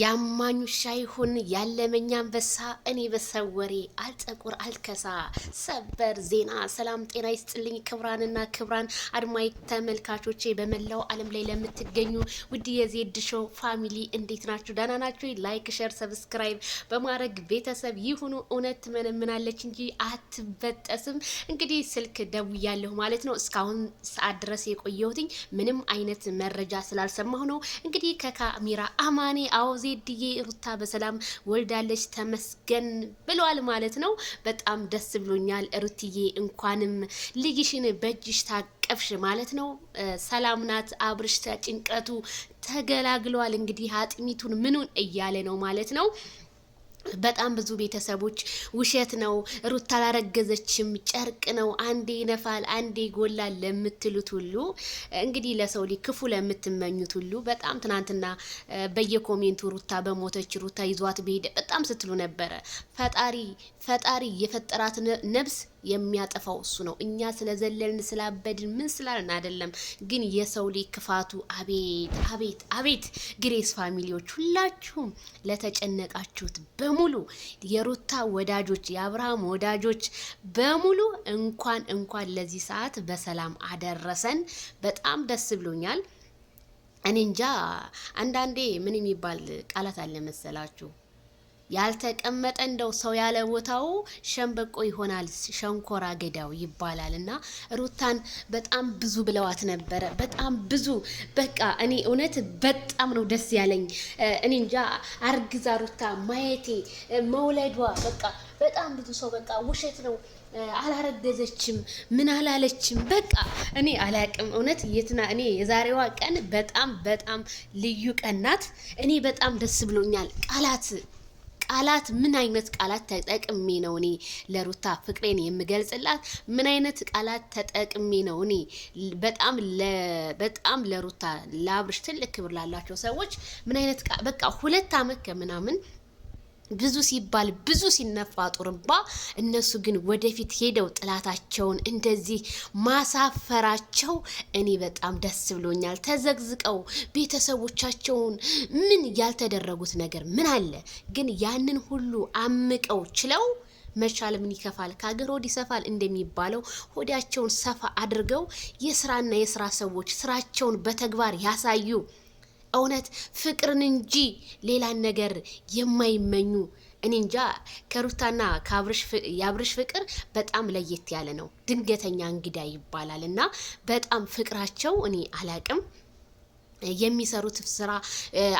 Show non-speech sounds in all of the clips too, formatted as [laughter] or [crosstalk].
ያማኙ ሻይሁን ያለመኛ አንበሳ እኔ በሰወሬ አልጠቁር አልከሳ። ሰበር ዜና። ሰላም ጤና ይስጥልኝ ክብራንና ክብራን አድማይ ተመልካቾቼ በመላው ዓለም ላይ ለምትገኙ ውድ የዜድ ሾው ፋሚሊ እንዴት ናችሁ? ደህና ናችሁ? ላይክ፣ ሸር፣ ሰብስክራይብ በማድረግ ቤተሰብ ይሁኑ። እውነት ትመነምናለች እንጂ አትበጠስም። እንግዲህ ስልክ ደውያለሁ ማለት ነው። እስካሁን ሰዓት ድረስ የቆየሁትኝ ምንም አይነት መረጃ ስላልሰማሁ ነው። እንግዲህ ከካሜራ አማኔ አዎ ዜድዬ ሩታ በሰላም ወልዳለች ተመስገን ብለዋል ማለት ነው። በጣም ደስ ብሎኛል ሩትዬ፣ እንኳንም ልጅሽን በእጅሽ ታቀፍሽ ማለት ነው። ሰላም ናት አብርሽ ጭንቀቱ ተገላግሏል። እንግዲህ አጥሚቱን ምኑን እያለ ነው ማለት ነው። በጣም ብዙ ቤተሰቦች ውሸት ነው ሩታ አላረገዘችም፣ ጨርቅ ነው፣ አንዴ ይነፋል፣ አንዴ ይጎላል ለምትሉት ሁሉ እንግዲህ ለሰው ሊ ክፉ ለምትመኙት ሁሉ በጣም ትናንትና በየኮሜንቱ ሩታ በሞተች ሩታ ይዟት በሄደ በጣም ስትሉ ነበረ። ፈጣሪ ፈጣሪ የፈጠራት ነብስ የሚያጠፋው እሱ ነው። እኛ ስለዘለልን ስላበድን ምን ስላልን አይደለም። ግን የሰው ልጅ ክፋቱ አቤት አቤት አቤት! ግሬስ ፋሚሊዎች ሁላችሁም ለተጨነቃችሁት በሙሉ የሩታ ወዳጆች፣ የአብርሃም ወዳጆች በሙሉ እንኳን እንኳን ለዚህ ሰዓት በሰላም አደረሰን። በጣም ደስ ብሎኛል። እኔ እንጃ አንዳንዴ ምን የሚባል ቃላት አለ መሰላችሁ ያልተቀመጠ እንደው ሰው ያለ ቦታው ሸንበቆ ይሆናል፣ ሸንኮራ ገዳው ይባላል። እና ሩታን በጣም ብዙ ብለዋት ነበረ። በጣም ብዙ በቃ እኔ እውነት በጣም ነው ደስ ያለኝ። እኔ እንጃ አርግዛ ሩታ ማየቴ መውለዷ በቃ በጣም ብዙ ሰው በቃ ውሸት ነው አላረገዘችም፣ ምን አላለችም። በቃ እኔ አላቅም እውነት የትና እኔ የዛሬዋ ቀን በጣም በጣም ልዩ ቀን ናት። እኔ በጣም ደስ ብሎኛል ቃላት ቃላት ምን አይነት ቃላት ተጠቅሜ ነው እኔ ለሩታ ፍቅሬን የምገልጽላት? ምን አይነት ቃላት ተጠቅሜ ነው እኔ በጣም በጣም ለሩታ ለአብርሽ ትልቅ ክብር ላላቸው ሰዎች ምን አይነት በቃ ሁለት አመት ከምናምን ብዙ ሲባል ብዙ ሲነፋ ጡርምባ፣ እነሱ ግን ወደፊት ሄደው ጥላታቸውን እንደዚህ ማሳፈራቸው እኔ በጣም ደስ ብሎኛል። ተዘግዝቀው ቤተሰቦቻቸውን ምን ያልተደረጉት ነገር ምን አለ? ግን ያንን ሁሉ አምቀው ችለው መቻል ምን ይከፋል፣ ከሀገር ሆድ ይሰፋል እንደሚባለው ሆዳቸውን ሰፋ አድርገው የስራና የስራ ሰዎች ስራቸውን በተግባር ያሳዩ እውነት ፍቅርን እንጂ ሌላን ነገር የማይመኙ እኔ እንጃ ከሩታና የአብርሽ ፍቅር በጣም ለየት ያለ ነው። ድንገተኛ እንግዳ ይባላል እና በጣም ፍቅራቸው እኔ አላቅም የሚሰሩት ስራ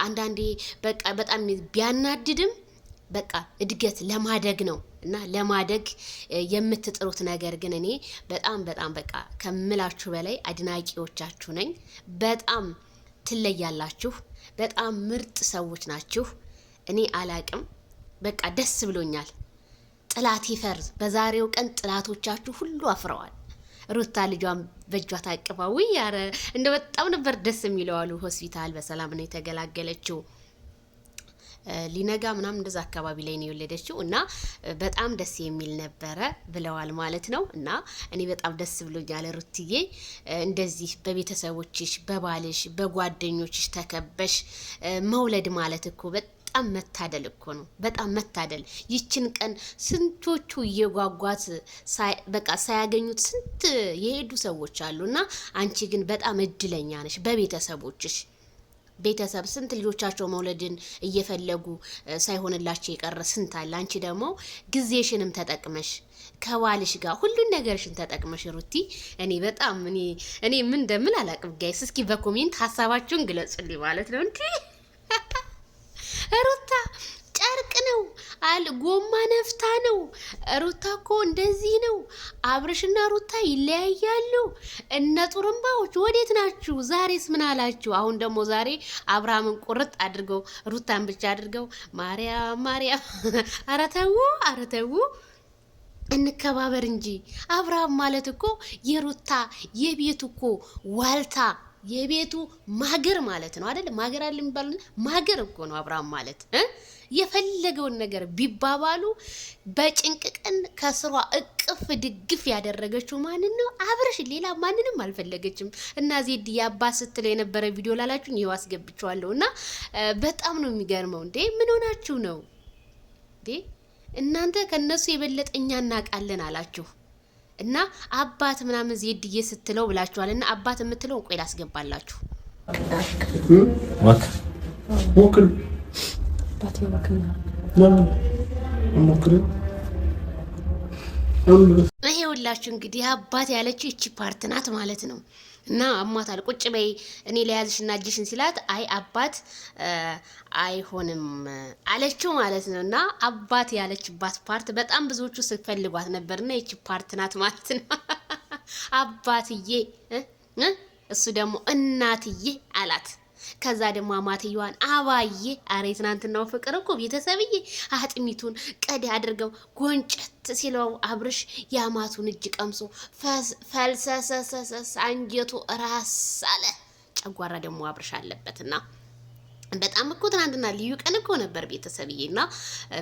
አንዳንዴ በቃ በጣም ቢያናድድም በቃ እድገት ለማደግ ነው እና ለማደግ የምትጥሩት ነገር ግን እኔ በጣም በጣም በቃ ከምላችሁ በላይ አድናቂዎቻችሁ ነኝ በጣም ትለያላችሁ። በጣም ምርጥ ሰዎች ናችሁ። እኔ አላቅም፣ በቃ ደስ ብሎኛል። ጥላት ይፈርዝ። በዛሬው ቀን ጥላቶቻችሁ ሁሉ አፍረዋል። ሩታ ልጇን በእጇ ታቅፋ ውይ፣ ያረ እንደ በጣም ነበር ደስ የሚለው አሉ። ሆስፒታል በሰላም ነው የተገላገለችው። ሊነጋ ምናምን እንደዛ አካባቢ ላይ ነው የወለደችው እና በጣም ደስ የሚል ነበረ ብለዋል ማለት ነው። እና እኔ በጣም ደስ ብሎኛል ሩትዬ፣ እንደዚህ በቤተሰቦችሽ፣ በባልሽ፣ በጓደኞችሽ ተከበሽ መውለድ ማለት እኮ በጣም መታደል እኮ ነው። በጣም መታደል። ይችን ቀን ስንቶቹ እየጓጓት በቃ ሳያገኙት ስንት የሄዱ ሰዎች አሉ እና አንቺ ግን በጣም እድለኛ ነሽ በቤተሰቦችሽ ቤተሰብ ስንት ልጆቻቸው መውለድን እየፈለጉ ሳይሆንላቸው የቀረ ስንት አለ። አንቺ ደግሞ ጊዜሽንም ተጠቅመሽ ከባልሽ ጋር ሁሉን ነገርሽን ተጠቅመሽ ሩቲ፣ እኔ በጣም እኔ እኔ ምን እንደምል አላቅም። ጋይስ እስኪ በኮሜንት ሀሳባችሁን ግለጹልኝ ማለት ነው እንዴ [laughs] ሩታ አል ጎማ ነፍታ ነው። ሩታ እኮ እንደዚህ ነው። አብርሽና ሩታ ይለያያሉ። እነ ጡርምባዎች ወዴት ናችሁ? ዛሬስ ምን አላችሁ? አሁን ደግሞ ዛሬ አብርሃምን ቁርጥ አድርገው ሩታን ብቻ አድርገው ማርያም ማርያም። አረተው [laughs] አረተው እንከባበር እንጂ አብርሃም ማለት እኮ የሩታ የቤት እኮ ዋልታ የቤቱ ማገር ማለት ነው አይደል? ማገር አለ የሚባለው ማገር እኮ ነው አብርሃም ማለት የፈለገውን ነገር ቢባባሉ በጭንቅ ቀን ከስሯ እቅፍ ድግፍ ያደረገችው ማንን ነው? አብርሽ። ሌላ ማንንም አልፈለገችም። እና ዜድ ያባ ስትለው የነበረ ቪዲዮ ላላችሁኝ ይኸው አስገብቸዋለሁ። እና በጣም ነው የሚገርመው። እንዴ ምን ሆናችሁ ነው እንዴ እናንተ? ከእነሱ የበለጠ እኛ እናውቃለን አላችሁ። እና አባት ምናምን ዜድዬ ስትለው ብላችኋል። እና አባት የምትለው እንቆይ ላስገባላችሁ። ይሄ ሁላችሁ እንግዲህ አባት ያለችው ይቺ ፓርት ናት ማለት ነው። እና አሟታል ቁጭ በይ እኔ ለያዝሽ እና እጅሽን ሲላት አይ አባት አይሆንም አለችው ማለት ነው። እና አባት ያለችባት ፓርት በጣም ብዙዎቹ ስፈልጓት ነበር። እና ይቺ ፓርት ናት ማለት ነው። [laughs] አባትዬ እሱ ደግሞ እናትዬ አላት። ከዛ ደግሞ አማትየዋን አባዬ፣ አረ የትናንትናው ፍቅር እኮ ቤተሰብዬ፣ አጥሚቱን ቀድ አድርገው ጎንጨት ሲለው አብርሽ የአማቱን እጅ ቀምሶ ፈልሰሰሰሰስ አንጀቱ ራስ አለ። ጨጓራ ደግሞ አብርሽ አለበትና በጣም እኮ ትናንትና ልዩ ቀን እኮ ነበር ቤተሰብዬ፣ እና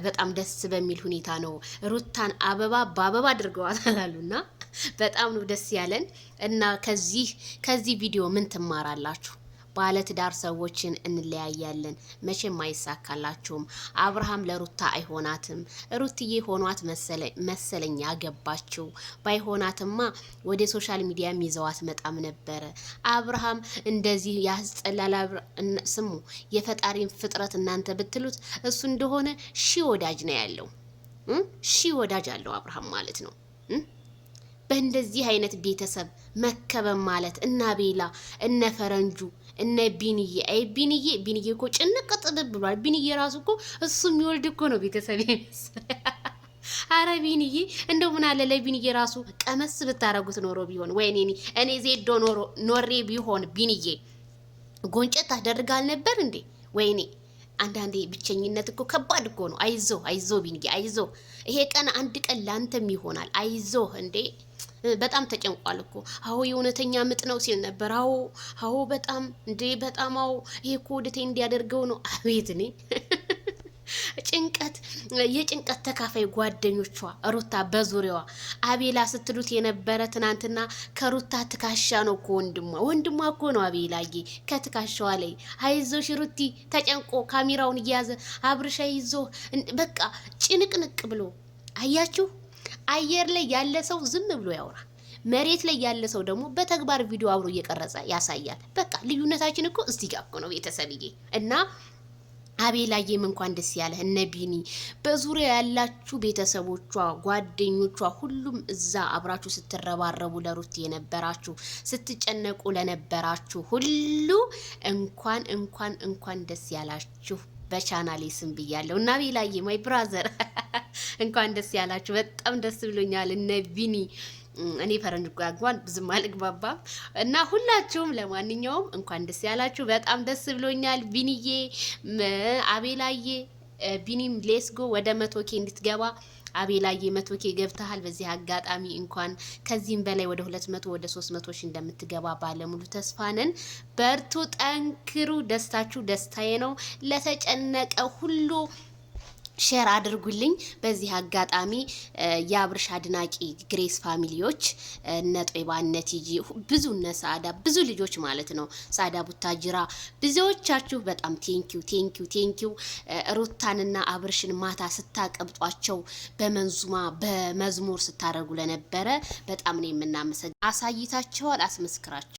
በጣም ደስ በሚል ሁኔታ ነው ሩታን አበባ በአበባ አድርገዋታል [laughs] አሉና በጣም ነው ደስ ያለን። እና ከዚህ ከዚህ ቪዲዮ ምን ትማራላችሁ? ባለትዳር ሰዎችን እንለያያለን፣ መቼም አይሳካላችሁም። አብርሃም ለሩታ አይሆናትም። ሩትዬ ሆኗት መሰለኝ ያገባችው። ባይሆናትማ ወደ ሶሻል ሚዲያ ይዘዋት መጣም ነበረ። አብርሃም እንደዚህ ያስጠላል። ስሙ የፈጣሪን ፍጥረት እናንተ ብትሉት እሱ እንደሆነ ሺ ወዳጅ ነው ያለው። ሺ ወዳጅ አለው አብርሃም ማለት ነው። በእንደዚህ አይነት ቤተሰብ መከበብ ማለት እና ቤላ እነ ፈረንጁ እነ ቢንዬ አይ ቢንዬ ቢንዬ እኮ ጭንቅ ጥብብ ብሏል። ቢንዬ ራሱ እኮ እሱ የሚወልድ እኮ ነው ቤተሰብ አረ ቢንዬ እንደው ምን አለ ለቢንዬ ራሱ ቀመስ ብታረጉት ኖሮ ቢሆን ወይኔ እኔ ዜዶ ኖሮ ኖሬ ቢሆን ቢንዬ ጎንጨት ታደርግ አልነበር እንዴ? ወይኔ አንዳንዴ ብቸኝነት እኮ ከባድ እኮ ነው። አይዞ አይዞ ቢንዬ አይዞ ይሄ ቀን አንድ ቀን ላንተም ይሆናል። አይዞ እንዴ በጣም ተጨንቋል እኮ አሁ የእውነተኛ ምጥ ነው ሲል ነበር። አሁ አሁ በጣም እንዴ፣ በጣም አሁ ይሄ እኮ ወደቴ እንዲያደርገው ነው። አቤት እኔ [laughs] ጭንቀት የጭንቀት ተካፋይ ጓደኞቿ ሩታ በዙሪያዋ አቤላ ስትሉት የነበረ ትናንትና ከሩታ ትካሻ ነው እኮ ወንድሟ ወንድሟ እኮ ነው አቤላዬ ከትካሻዋ ላይ አይዞሽ ሩቲ ተጨንቆ ካሜራውን እያያዘ አብርሻ ይዞ በቃ ጭንቅንቅ ብሎ አያችሁ አየር ላይ ያለ ሰው ዝም ብሎ ያወራ፣ መሬት ላይ ያለ ሰው ደግሞ በተግባር ቪዲዮ አብሮ እየቀረጸ ያሳያል። በቃ ልዩነታችን እኮ እዚህ ጋር እኮ ነው ቤተሰብዬ እና አቤላዬም እንኳን ደስ ያለህ። እነ ቢኒ በዙሪያ ያላችሁ ቤተሰቦቿ፣ ጓደኞቿ፣ ሁሉም እዛ አብራችሁ ስትረባረቡ ለሩት የነበራችሁ ስትጨነቁ ለነበራችሁ ሁሉ እንኳን እንኳን እንኳን ደስ ያላችሁ በቻናሌ ስም ብያለሁ እና ቤላዬ ማይ ብራዘር [laughs] እንኳን ደስ ያላችሁ። በጣም ደስ ብሎኛል። እነ ቢኒ እኔ ፈረንጅ ጓጓን ብዙም አልግባባም እና ሁላችሁም ለማንኛውም እንኳን ደስ ያላችሁ። በጣም ደስ ብሎኛል። ቢኒዬ፣ አቤላዬ፣ ቢኒም ሌስጎ ወደ መቶ ኬ እንድትገባ አቤላዬ መቶ ኬ ገብተሃል። በዚህ አጋጣሚ እንኳን ከዚህም በላይ ወደ ሁለት መቶ ወደ ሶስት መቶ ሺ እንደምትገባ ባለሙሉ ተስፋ ነን። በርቱ፣ ጠንክሩ። ደስታችሁ ደስታዬ ነው። ለተጨነቀ ሁሉ ሼር አድርጉልኝ። በዚህ አጋጣሚ የአብርሽ አድናቂ ግሬስ ፋሚሊዎች እነ ጦይባ እነ ቲጂ ብዙ እነ ሳዳ ብዙ ልጆች ማለት ነው ሳዳ ቡታጅራ ብዙዎቻችሁ በጣም ቴንኪው ቴንኪው ቴንኪው። ሩታንና አብርሽን ማታ ስታቀብጧቸው በመንዙማ በመዝሙር ስታደርጉ ለነበረ በጣም ነው የምናመሰግ አሳይታቸዋል፣ አስመስክራቸው